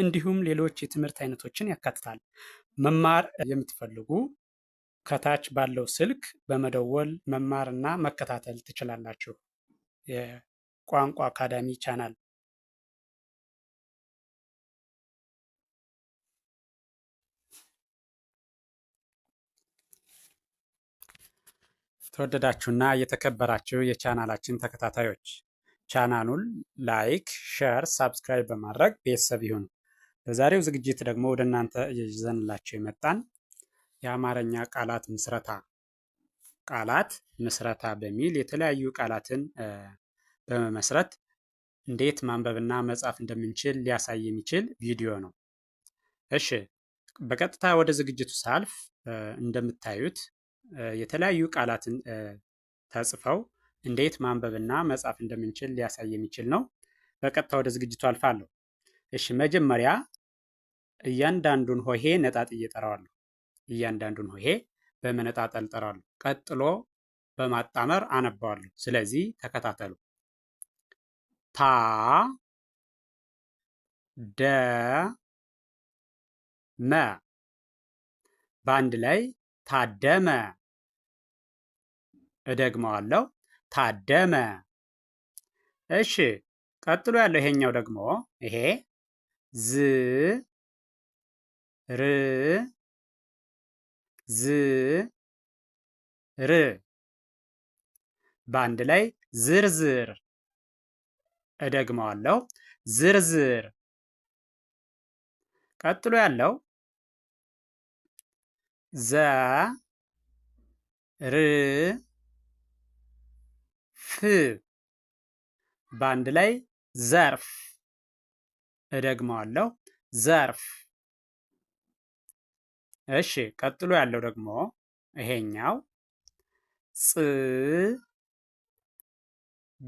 እንዲሁም ሌሎች የትምህርት አይነቶችን ያካትታል። መማር የምትፈልጉ ከታች ባለው ስልክ በመደወል መማርና መከታተል ትችላላችሁ። የቋንቋ አካዳሚ ቻናል ተወደዳችሁና የተከበራችሁ የቻናላችን ተከታታዮች ቻናሉን ላይክ፣ ሸር፣ ሳብስክራይብ በማድረግ ቤተሰብ ይሁኑ። በዛሬው ዝግጅት ደግሞ ወደ እናንተ ይዘንላቸው የመጣን የአማርኛ ቃላት ምስረታ ቃላት ምስረታ በሚል የተለያዩ ቃላትን በመመስረት እንዴት ማንበብና መጻፍ እንደምንችል ሊያሳይ የሚችል ቪዲዮ ነው። እሺ፣ በቀጥታ ወደ ዝግጅቱ ሳልፍ እንደምታዩት የተለያዩ ቃላትን ተጽፈው እንዴት ማንበብና መጻፍ እንደምንችል ሊያሳይ የሚችል ነው። በቀጥታ ወደ ዝግጅቱ አልፋለሁ። እሺ መጀመሪያ እያንዳንዱን ሆሄ ነጣጥዬ እጠራዋለሁ። እያንዳንዱን ሆሄ በመነጣጠል እጠራለሁ። ቀጥሎ በማጣመር አነባዋለሁ። ስለዚህ ተከታተሉ። ታ ደ መ በአንድ ላይ ታደመ። እደግመዋለሁ፣ ታደመ። እሺ፣ ቀጥሎ ያለው ይሄኛው ደግሞ ይሄ ዝ ር ዝ ር በአንድ ላይ ዝርዝር። እደግመዋለሁ፣ ዝርዝር። ቀጥሎ ያለው ዘ ር ፍ በአንድ ላይ ዘርፍ እደግመዋለሁ ዘርፍ። እሺ ቀጥሎ ያለው ደግሞ ይሄኛው ጽ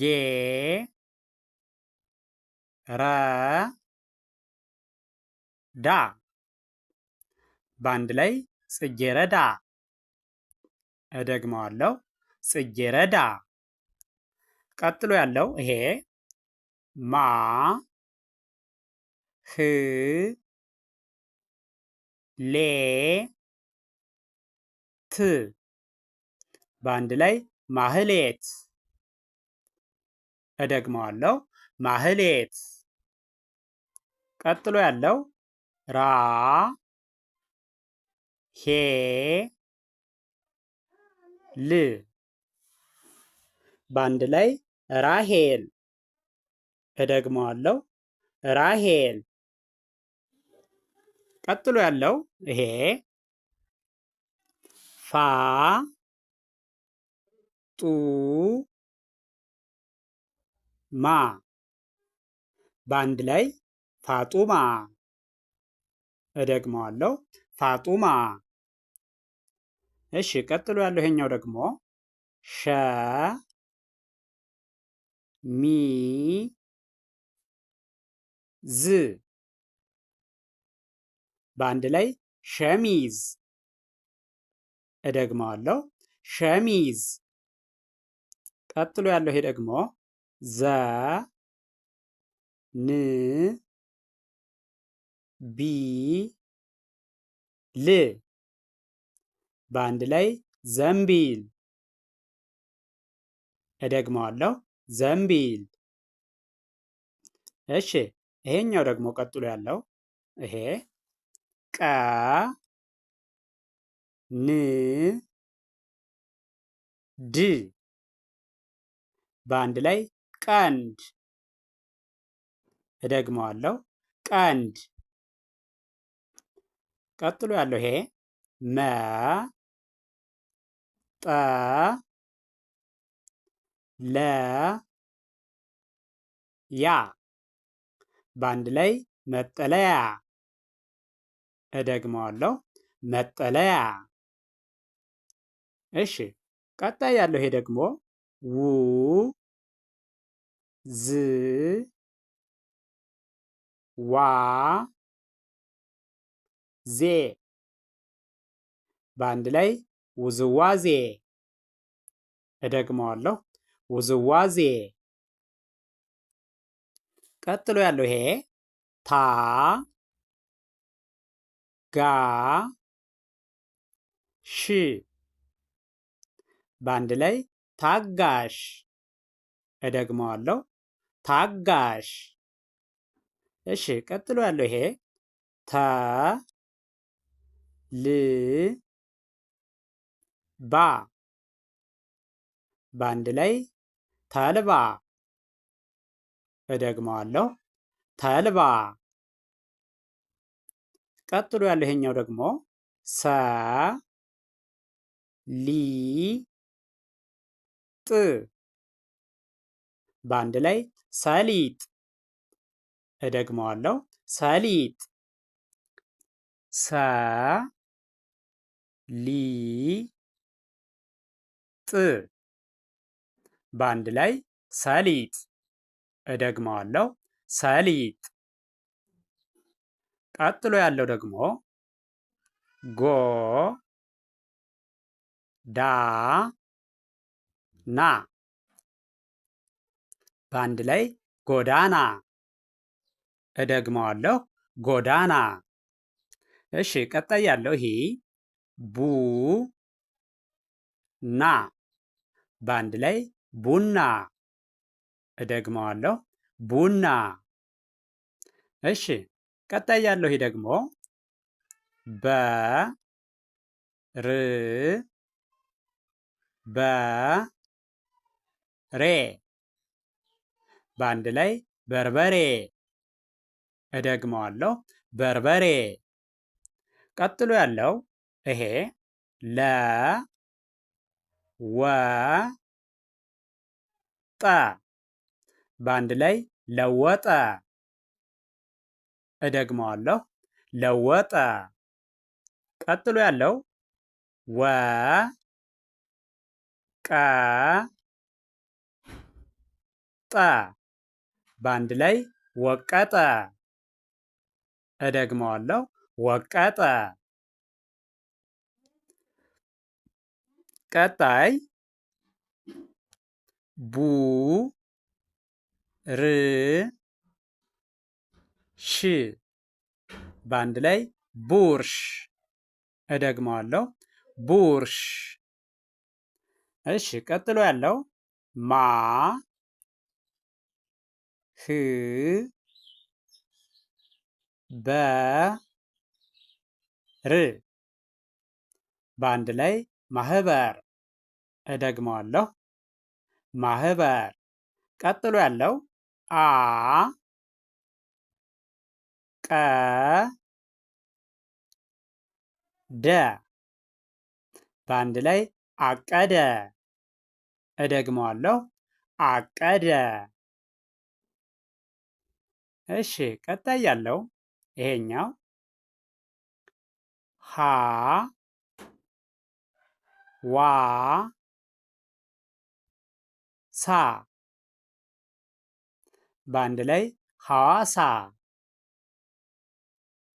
ጌ ረ ዳ በአንድ ላይ ጽጌረዳ። እደግመዋለሁ ጽጌረዳ። ቀጥሎ ያለው ይሄ ማ ህ ሌ ት በአንድ ላይ ማህሌት። እደግመዋለሁ ማህሌት። ቀጥሎ ያለው ራ ሄ ል በአንድ ላይ ራሄል። እደግመዋለሁ ራሄል። ቀጥሎ ያለው ይሄ ፋ ጡ ማ በአንድ ላይ ፋጡማ። እደግመዋለሁ፣ ፋጡማ። እሺ፣ ቀጥሎ ያለው ይሄኛው ደግሞ ሸ ሚ ዝ በአንድ ላይ ሸሚዝ። እደግመዋለሁ፣ ሸሚዝ። ቀጥሎ ያለው ይሄ ደግሞ ዘ ን ቢ ል በአንድ ላይ ዘምቢል እደግመዋለሁ፣ ዘምቢል። እሺ፣ ይሄኛው ደግሞ ቀጥሎ ያለው ይሄ ቀ ን ድ በአንድ ላይ ቀንድ። እደግመዋለሁ ቀንድ። ቀጥሎ ያለው ይሄ መ ጠ ለ ያ በአንድ ላይ መጠለያ እደግመዋለሁ መጠለያ። እሺ ቀጣይ ያለው ይሄ ደግሞ ው ዝ ዋ ዜ በአንድ ላይ ውዝዋዜ። እደግመዋለሁ ውዝዋዜ። ቀጥሎ ያለው ይሄ ታ ጋ ሽ በአንድ ላይ ታጋሽ። እደግመዋለሁ፣ ታጋሽ። እሺ፣ ቀጥሎ ያለው ይሄ ተ ል ባ በአንድ ላይ ተልባ። እደግመዋለሁ፣ ተልባ። ቀጥሎ ያለው ይሄኛው ደግሞ ሰ ሊ ጥ በአንድ ላይ ሰሊጥ። እደግመዋለሁ ሰሊጥ። ሰ ሊ ጥ በአንድ ላይ ሰሊጥ። እደግመዋለሁ ሰሊጥ። ቀጥሎ ያለው ደግሞ ጎ ዳ ና በአንድ ላይ ጎዳና። እደግመዋለሁ፣ ጎዳና። እሺ፣ ቀጣይ ያለው ይሄ ቡ ና በአንድ ላይ ቡና። እደግመዋለሁ፣ ቡና። እሺ ቀጣይ ያለው ይሄ ደግሞ በ ር በ ሬ በአንድ ላይ በርበሬ። እደግመዋለሁ በርበሬ። ቀጥሎ ያለው ይሄ ለ ወ ጠ በአንድ ላይ ለወጠ። እደግመዋለሁ ለወጠ። ቀጥሎ ያለው ወ ቀ ጠ በአንድ ላይ ወቀጠ። እደግመዋለሁ ወቀጠ። ቀጣይ ቡ ር ሽ በአንድ ላይ ቡርሽ። እደግመዋለሁ፣ ቡርሽ። እሺ፣ ቀጥሎ ያለው ማ ህ በ ር በአንድ ላይ ማህበር። እደግመዋለሁ፣ ማህበር። ቀጥሎ ያለው አ ቀ ደ በአንድ ላይ አቀደ። እደግመዋለሁ፣ አቀደ። እሺ፣ ቀጣይ ያለው ይሄኛው ሀ ዋ ሳ በአንድ ላይ ሐዋሳ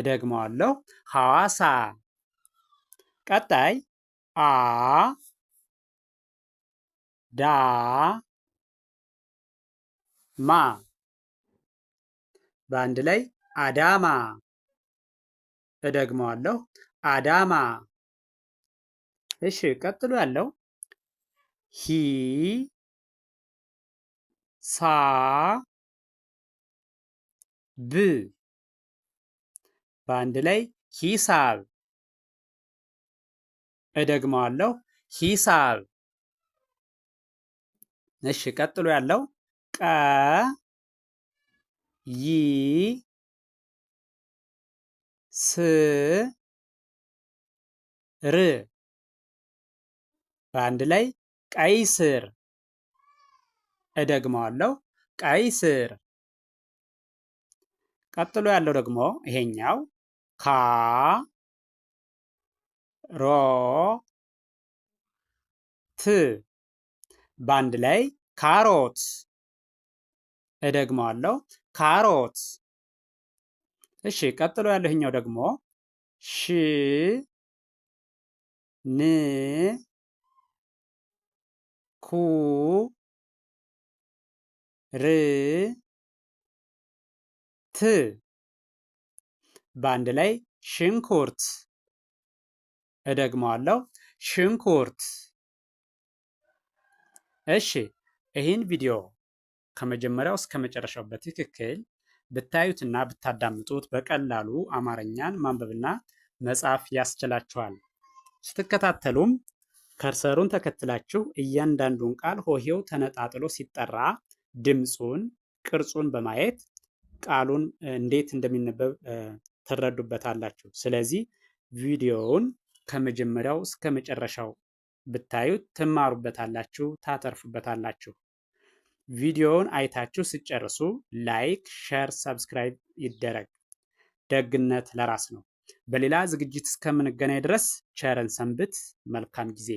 እደግመዋለሁ። ሐዋሳ። ቀጣይ አ ዳ ማ በአንድ ላይ አዳማ። እደግመዋለሁ። አዳማ። እሺ፣ ቀጥሎ ያለው ሂ ሳ ብ በአንድ ላይ ሂሳብ። እደግመዋለሁ፣ ሂሳብ። እሺ፣ ቀጥሎ ያለው ቀ ይ ስ ር በአንድ ላይ ቀይ ስር። እደግመዋለሁ፣ ቀይ ስር። ቀጥሎ ያለው ደግሞ ይሄኛው ካ ሮ ት በአንድ ላይ ካሮት። እደግመዋለሁ ካሮት። እሺ፣ ቀጥሎ ያለህኛው ደግሞ ሽ ን ኩ ር ት በአንድ ላይ ሽንኩርት። እደግመዋለሁ፣ ሽንኩርት። እሺ፣ ይህን ቪዲዮ ከመጀመሪያው እስከ መጨረሻው በትክክል ብታዩትና ብታዳምጡት በቀላሉ አማርኛን ማንበብና መጻፍ ያስችላችኋል። ስትከታተሉም ከርሰሩን ተከትላችሁ እያንዳንዱን ቃል ሆሄው ተነጣጥሎ ሲጠራ ድምፁን፣ ቅርጹን በማየት ቃሉን እንዴት እንደሚነበብ ትረዱበታላችሁ። ስለዚህ ቪዲዮውን ከመጀመሪያው እስከ መጨረሻው ብታዩት ትማሩበታላችሁ፣ ታተርፉበታላችሁ። ቪዲዮውን አይታችሁ ሲጨርሱ ላይክ፣ ሸር፣ ሰብስክራይብ ይደረግ። ደግነት ለራስ ነው። በሌላ ዝግጅት እስከምንገናኝ ድረስ ቸርን ሰንብት። መልካም ጊዜ